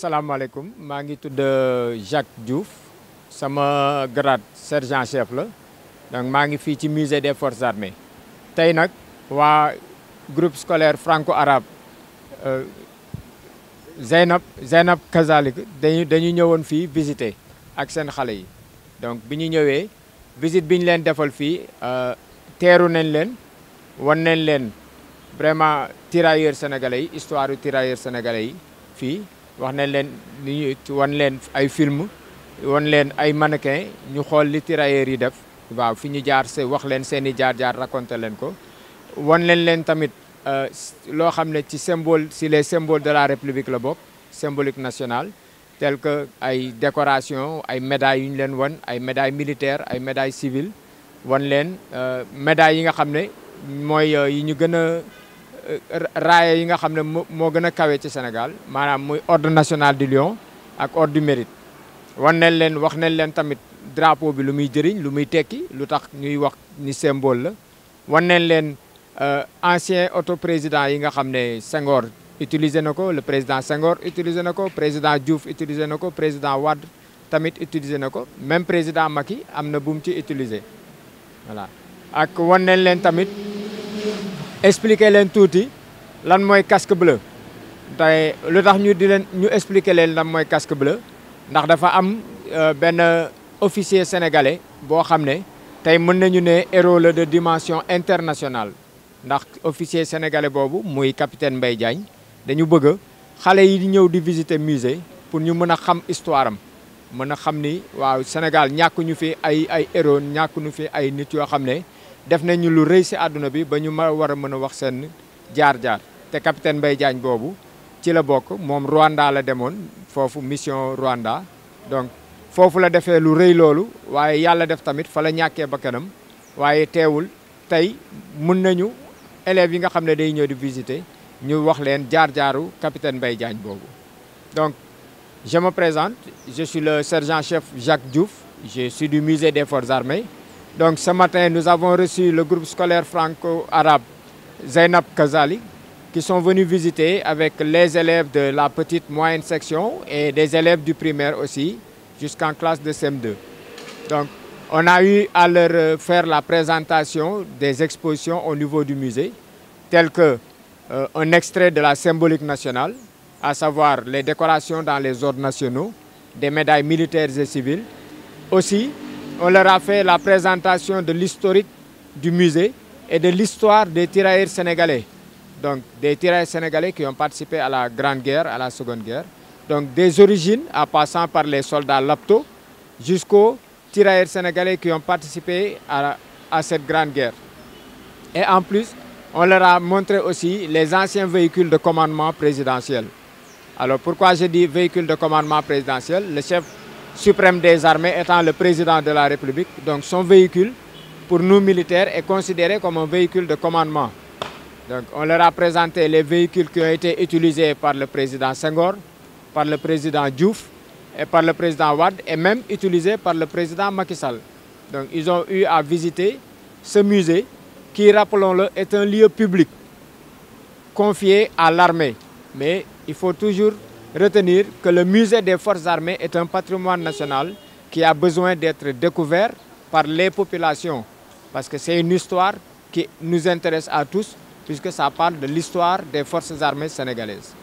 asalaamaaleykum maa ngi tudd euh, Jacques Diouf sama grade sergent chef la donc maa ngi fii ci musée des forces armées tey nag waa groupe scolaire franco arabe euh, Zeynab Zeynab Kazalik dañu dañu ñëwoon fii visiter ak seen xale yi donc bi ñu ñëwee visit bi ñu leen defal fii euh, teeru nañ leen wan nañ leen vraiment tirailleurs sénégalais yi histoire yu tirailleurs sénégalais yi fii wax nañ leen li wan leen ay film wan leen ay mannequin ñu xool li tirailleurs yi def waaw fi ñu jaar se wax leen seen i jaar-jaar raconté leen ko wan leen leen tamit euh, loo xam ne ci symbole si les symboles de la république la bokk symbolique nationale tel que ay décoration ay médailles yu leen wan ay médailles militaire ay médailles civiles wan leen euh, médailles yi nga xam ne mooy euh, yi ñu gën a euh, raaya yi nga xam ne moo gën a kawe ci Sénégal maanaam muy ordre national du lion ak ordre du mérite wan nañ leen wax nañ leen tamit drapeau bi lu muy jëriñ lu muy tekki lu tax ñuy wax ni symbole la wan nañ leen ancien auto président yi nga xam ne Senghor utiliser na ko le président Senghor utiliser na ko président Diouf utiliser na ko président Wade tamit utiliser na ko même président Macky am na bu mu ci utiliser voilà ak wan leen tamit expliquer leen tuuti lan mooy casque bleu tey lu tax ñu di leen ñu expliquer leen lan mooy casque bleu ndax dafa am euh, benn officier sénégalais boo xam ne tey mën nañu ne héros la de dimension internationale ndax officier sénégalais boobu muy capitaine Mbaye Diagne dañu bëgg xale yi di ñëw di visiter musée pour ñu mën a xam histoire am mën a xam ni waaw Sénégal ñàkkuñu fi ay ay héros ñàkkuñu fi ay nit yoo xam ne def nañu lu rëy si àdduna bi ba ñu ma war a mën a wax seen jaar-jaar te capitaine Mbaye Diagne boobu ci la bokk moom Rwanda la demoon foofu mission Rwanda donc foofu la defee lu rëy loolu waaye yàlla def tamit fa la ñàkkee kanam waaye teewul tey mën nañu élèves yi nga xam ne day ñëw di visiter ñu wax leen jaar-jaaru capitaine Mbaye Diagne boobu donc je me présente je suis le sergent-chef Jacques Diouf je suis du musée des forces armées donc ce matin nous avons reçu le groupe scolaire franco-arabe Zeynab Kazali qui sont venus visiter avec les élèves de la petite moyenne section et des élèves du primaire aussi jusqu'en classe de CM2 donc on a eu à leur faire la présentation des expositions au niveau du musée telles que euh, un extrait de la symbolique nationale, à savoir les décorations dans les ordres nationaux, des médailles militaires et civiles. Aussi, on leur a fait la présentation de l'historique du musée et de l'histoire des tirailleurs sénégalais. Donc des tirailleurs sénégalais qui ont à la Grande Guerre, à la Seconde Guerre. Donc des origines en passant par les soldats lapto jusqu'aux tirailleurs sénégalais qui ont participé à, à cette Grande Guerre. Et en plus, On leur a montré aussi les anciens véhicules de commandement présidentiel. Alors pourquoi je dis véhicules de commandement présidentiel Le chef suprême des armées étant le président de la République, donc son véhicule, pour nous militaires, est considéré comme un véhicule de commandement. Donc les véhicules qui par le président Senghor, par le président Diouf, et par le président Wad et même utilisé par le président Macky Sall. Donc ils ont eu à visiter ce musée qui, rappelons-le, est un lieu public confié à l'armée. Mais il faut toujours retenir que le musée des forces armées est un patrimoine national qui a besoin d'être découvert par les populations. Parce que c'est une histoire qui nous intéresse à tous, puisque ça parle de l'histoire des forces armées sénégalaises.